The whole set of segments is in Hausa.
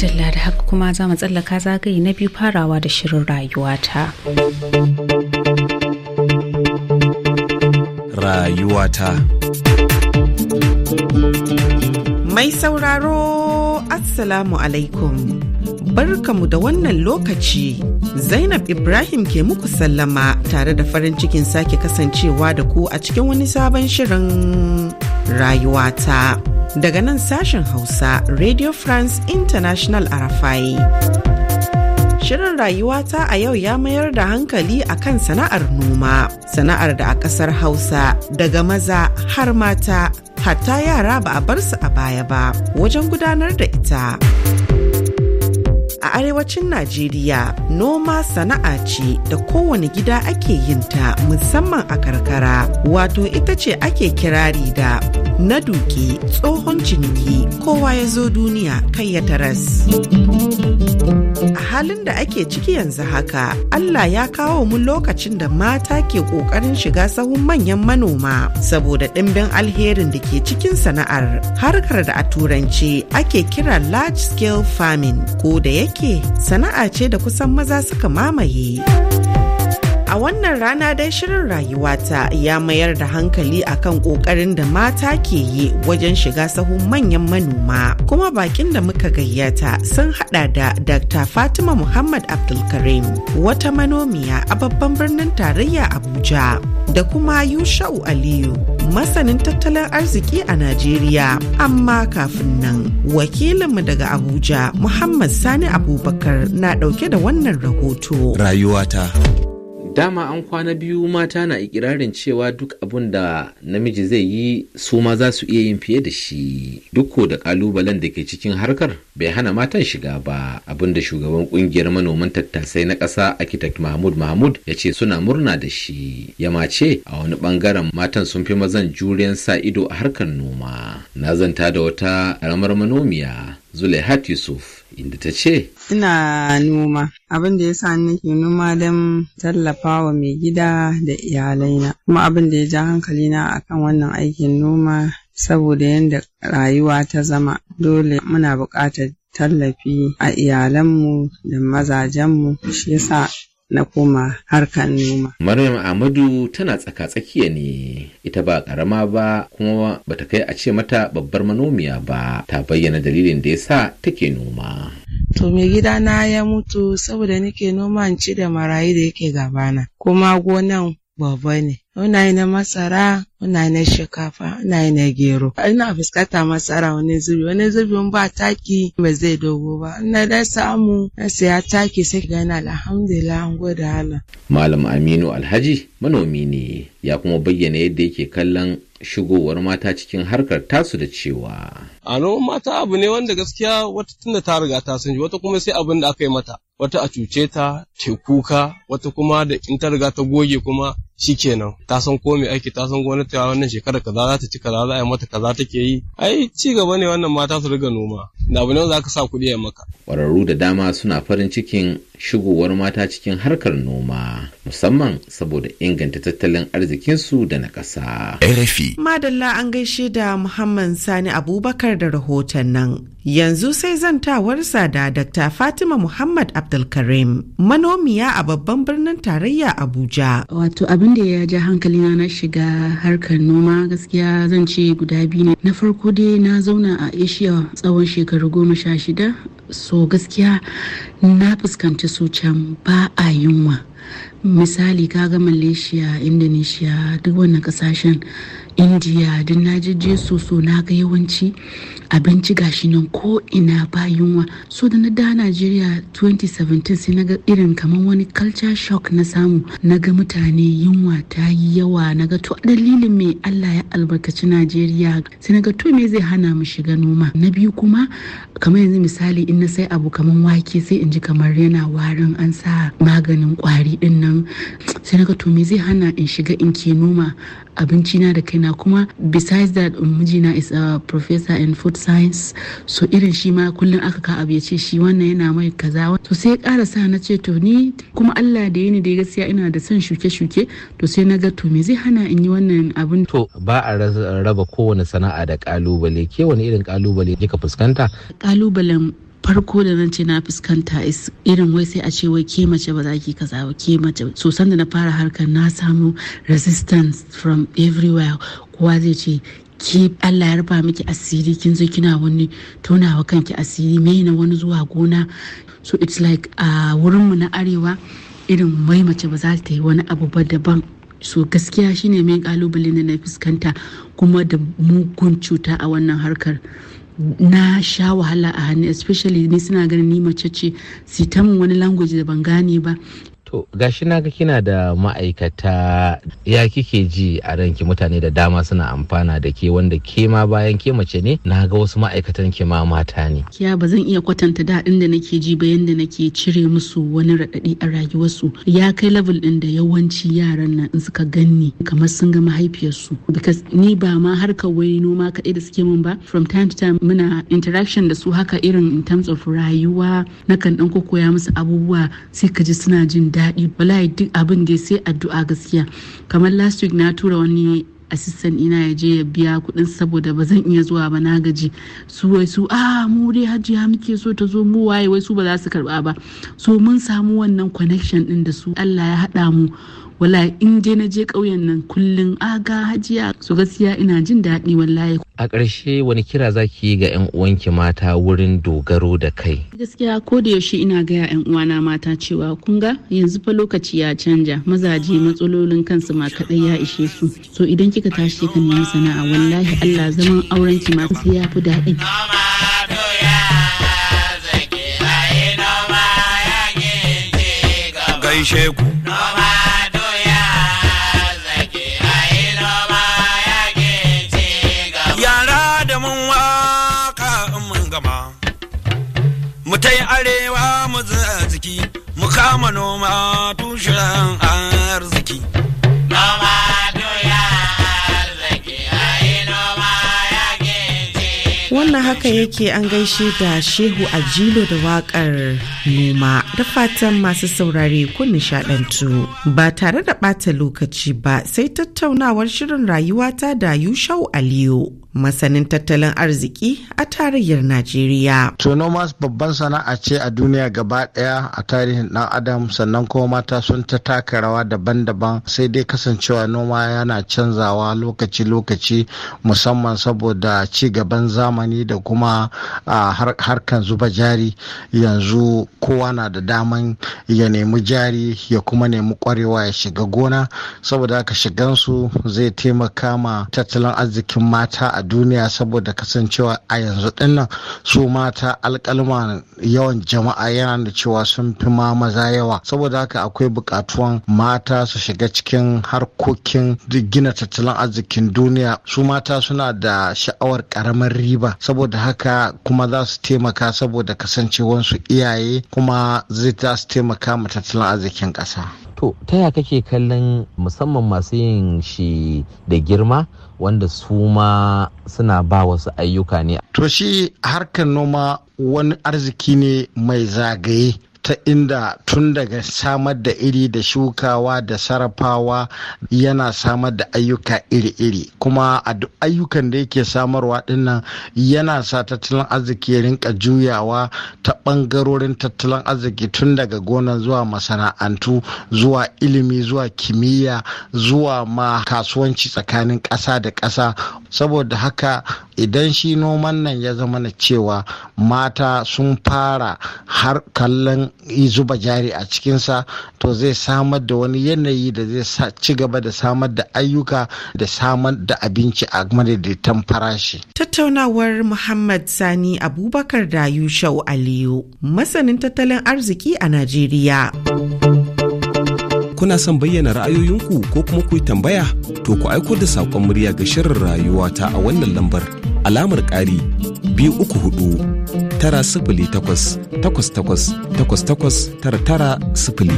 madalla da haka kuma za mu tsallaka zagaye na biyu farawa da shirin rayuwata. Rayuwata. Mai sauraro Assalamu alaikum. barka mu da wannan lokaci Zainab Ibrahim ke muku sallama tare da farin cikin sake kasancewa da ku a cikin wani sabon shirin rayuwata. daga nan sashen Hausa Radio France International a rafaye. Shirin rayuwata a yau ya mayar da hankali a kan sana'ar noma, sana'ar da a ƙasar Hausa daga maza har mata, hatta yara ba a bar su a baya ba wajen gudanar da ita. a arewacin Najeriya noma sana'a ce da kowane gida ake yin ta musamman a karkara wato ita ce ake kirari da na duke tsohon ciniki kowa ya zo duniya kai ya taras. halin da ake ciki yanzu haka Allah ya kawo mu lokacin da mata ke ƙoƙarin shiga sahun manyan manoma saboda ɗimbin alherin da ke cikin sana'ar harkar da a turanci ake kira large scale farming ko da yake sana'a ce da kusan maza suka mamaye. A wannan rana dai shirin rayuwata ya mayar da hankali a kan ƙoƙarin da mata ke yi wajen shiga sahun manyan manoma. Kuma bakin da muka gayyata sun hada da Dr. Fatima Muhammad Abdulkarim, wata manomiya a babban birnin tarayya Abuja, da kuma Yusha'u Aliyu, masanin tattalin arziki a Najeriya. Amma kafin nan, wakilinmu daga Abuja, Muhammad Sani Abubakar na dauke da wannan rahoto. Rayuwata. dama an kwana biyu mata na ikirarin cewa duk abun da namiji zai yi su ma za su iya yin fiye da shi duk ko da kalubalen da ke cikin harkar bai hana matan shiga ba abin da shugaban kungiyar manoman tattasai na ƙasa architect mahmud mahmud ya ce suna murna da shi ya mace a wani bangaren matan sun fi mazan juriyan sa ido a harkar noma na zanta da wata ƙaramar manomiya Zulaihat Yusuf inda ta ce, Ina noma, abin da ya sa nake noma don tallafa wa mai gida da iyalaina, kuma abin da ya ja hankalina kan wannan aikin noma saboda yadda rayuwa ta zama dole muna buƙatar tallafi a iyalanmu da mazajenmu shi yasa na koma harkar noma. Maryam Amadu tana tsaka-tsakiya ne, ita ba ƙarama ba kuma ba ta kai a ce mata babbar manomiya ba, ta bayyana dalilin da ya sa take noma. To mai gida na ya mutu saboda nike noma ci da marayu da yake gabana, kuma gonan babba ne. Muna yi na masara, muna yi na shinkafa, muna yi na gero. Ina fuskata masara wani zubi, wani ba taki ba zai dogo ba. Ina da samu na siya taki sai gana alhamdulillah an gode hala. Malam Aminu Alhaji manomi ne ya kuma bayyana yadda yake kallon shigowar mata cikin harkar tasu da cewa. A noman mata abu ne wanda gaskiya wata tunda ta riga ta san wata kuma sai abin da aka yi mata. Wata a cuce ta, ta kuka, wata kuma da in ta riga ta goge kuma shikenan ta san ko mai aiki ta san gwamnati a wannan shekarar kaza za ta ci kaza za a yi mata kaza take yi ai ci gaba ne wannan mata su riga noma da abu nawa za ka sa kuɗi ya maka. Ƙwararru da dama suna farin cikin shigowar mata cikin harkar noma musamman saboda inganta tattalin arzikinsu da na ƙasa. RFI. Madalla an gaishe da Muhammad Sani Abubakar da rahoton nan. Yanzu sai zan zantawarsa da Dr. Fatima Muhammad Abdulkarim, manomiya a babban birnin tarayya Abuja. Wato abin da ya ja hankalina na shiga harkar noma gaskiya zan ce guda biyu ne. Na farko dai na zauna a Asia tsawon shekaru shekaru goma sha shida so gaskiya na fuskanci su can ba a yunwa misali kaga malaysia indonesia duk wannan kasashen india duk na jijje so so na ga yawanci abinci gashi nan ko ina ba yunwa so da na da najeriya 2017 sai na ga irin kamar wani culture shock na samu na ga mutane yunwa ta yi yawa na ga to dalilin mai allah ya albarkaci najeriya sai na ga to me zai hana mu shiga noma na biyu kuma kamar yanzu misali in na sai abu kamar wake sai in ji kamar yana warin an sa maganin kwari hali din nan sai na ga to me zai hana in shiga in ke noma abinci na da kaina kuma besides that um, mijina is a professor in food science so irin shi ma kullum aka ka abu ya ce shi wannan yana mai kaza to sai ƙara sa na ce to ni kuma Allah da yini da gaskiya ina da son shuke-shuke to sai naga to me zai hana in yi wannan abin to ba a raba kowane sana'a da kalubale ke wani irin kalubale kika fuskanta kalubalen farko da nan ce na fuskanta irin wai sai a ce wai ke mace ba za ki kaza ba ke mace so da na fara harkar na samu resistance from everywhere kowa zai ce ki Allah ya rufa miki asiri kin zo kina wani tonawa kanki asiri me na wani zuwa gona so it's like a wurinmu na arewa irin wai mace ba za ta yi wani abu ba daban so gaskiya shine mai kalubale da na fuskanta kuma da mugun cuta a wannan harkar na sha wahala a hannu especially ni suna ganin ni mace ce sitamin wani language da ban gane ba To gashi na ga kina da ma'aikata ya kike ji a ranki mutane da dama suna amfana da ke wanda ke ma bayan ke mace ne na ga wasu ma'aikatan ke ma mata ne. Kiya ba zan iya kwatanta daɗin da nake ji ba yanda nake cire musu wani raɗaɗi a rayuwarsu ya kai level ɗin da yawanci yaran nan in suka ganni kamar sun ga mahaifiyarsu. Because ni ba ma harkar wani noma kaɗai da suke min ba from time to time muna interaction da su haka irin in terms of rayuwa nakan ɗan koya musu abubuwa sai ka ji suna jin daɗi. daɗi bala'i duk abin da sai addu'a gaskiya kamar last week na tura wani assistant ina ya je ya biya kuɗin saboda ba zan iya zuwa ba na gaji su wai su a ah, mu dai ya muke so ta zo mu waye wai su ba za su karba ba so mun samu wannan connection ɗin da su Allah ya haɗa mu Wala in je na je ƙauyen nan kullum aga hajiya su gaskiya ina jin daɗi wallahi a ƙarshe wani kira za ki yi ga 'yan uwanki mata wurin dogaro da kai gaskiya ko da yaushe ina gaya 'yan uwana mata cewa kun ga yanzu fa lokaci ya canja mazaje matsalolin kansu ma kaɗai ya ishe su so idan kika tashi ka nemi sana'a wallahi allah zaman aurenki ma sai ya fi daɗi gaishe ku sai arewa mu mu kama noma tushen arziki. Wannan haka yake an gaishe da Shehu Ajilo da wakar noma da fatan masu saurare kun nishadantu ba tare da ɓata lokaci ba sai tattaunawar shirin rayuwata da Yushau Aliyu. masanin tattalin arziki a tarayyar Najeriya. tonomas babban sana'a ce a duniya gaba daya a tarihin dan adam sannan kuma mata sun ta taka rawa daban-daban sai dai kasancewa noma yana canzawa lokaci-lokaci musamman saboda ci gaban zamani da kuma harkan zuba jari yanzu kowa na da daman ya nemi jari ya kuma nemi kwarewa ya shiga gona saboda haka shigansu zai taimaka ma tattalin arzikin mata a a duniya saboda kasancewa a yanzu dinnan su mata alkalma yawan jama'a yana da cewa sun fi ma maza yawa saboda haka akwai bukatuwan mata su shiga cikin harkokin gina tattalin arzikin duniya su mata suna da sha'awar karamar riba saboda haka kuma za su taimaka saboda kasancewansu iyaye kuma zai za su taimaka ma tattalin arzikin ƙasa. To, ta ya kake kallon musamman masu yin shi da girma wanda su ma suna ba wasu ayyuka ne. To shi harkar noma wani arziki ne mai zagaye ta inda tun daga samar da iri da shukawa da sarrafawa yana samar da ayyuka iri-iri kuma a duk ayyukan da yake samarwa dinnan yana sa tattalin arziki rinka juyawa ta bangarorin tattalin arziki tun daga gona zuwa masana'antu zuwa ilimi zuwa kimiyya zuwa ma kasuwanci tsakanin ƙasa da ƙasa saboda haka idan shi noman nan ya zama na cewa mata sun fara har kallon an zuba jari a cikinsa to zai samar da wani yanayi da zai ci gaba da samar da ayyuka da samar da abinci a madaidaitan farashi. Tattaunawar Muhammad Sani Abubakar da Yushau Aliyu, masanin tattalin arziki a Najeriya. Kuna son bayyana ra'ayoyinku ko kuma ku yi tambaya? To ku aiko da saƙon murya ga shirin rayuwata a wannan lambar alamar ƙari biyu uku hudu tara sifili takwas takwas takwas takwas takwas tara tara sifili.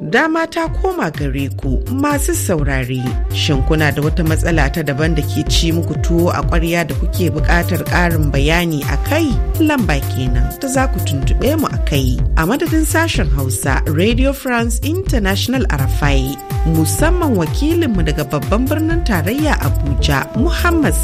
Dama ta koma gare ku masu saurare shin kuna da wata matsala ta daban da ke ci muku tuwo a ƙwarya da kuke buƙatar ƙarin bayani a kai lamba kenan ta za ku tuntuɓe mu a kai a madadin sashen Hausa Radio France International Arafai musamman wakilinmu daga babban birnin tarayya Abuja Muhammad